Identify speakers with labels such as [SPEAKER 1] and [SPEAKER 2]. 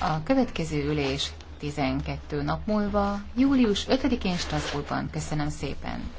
[SPEAKER 1] A következő ülés 12 nap múlva, július 5-én Strasbourgban. Köszönöm szépen!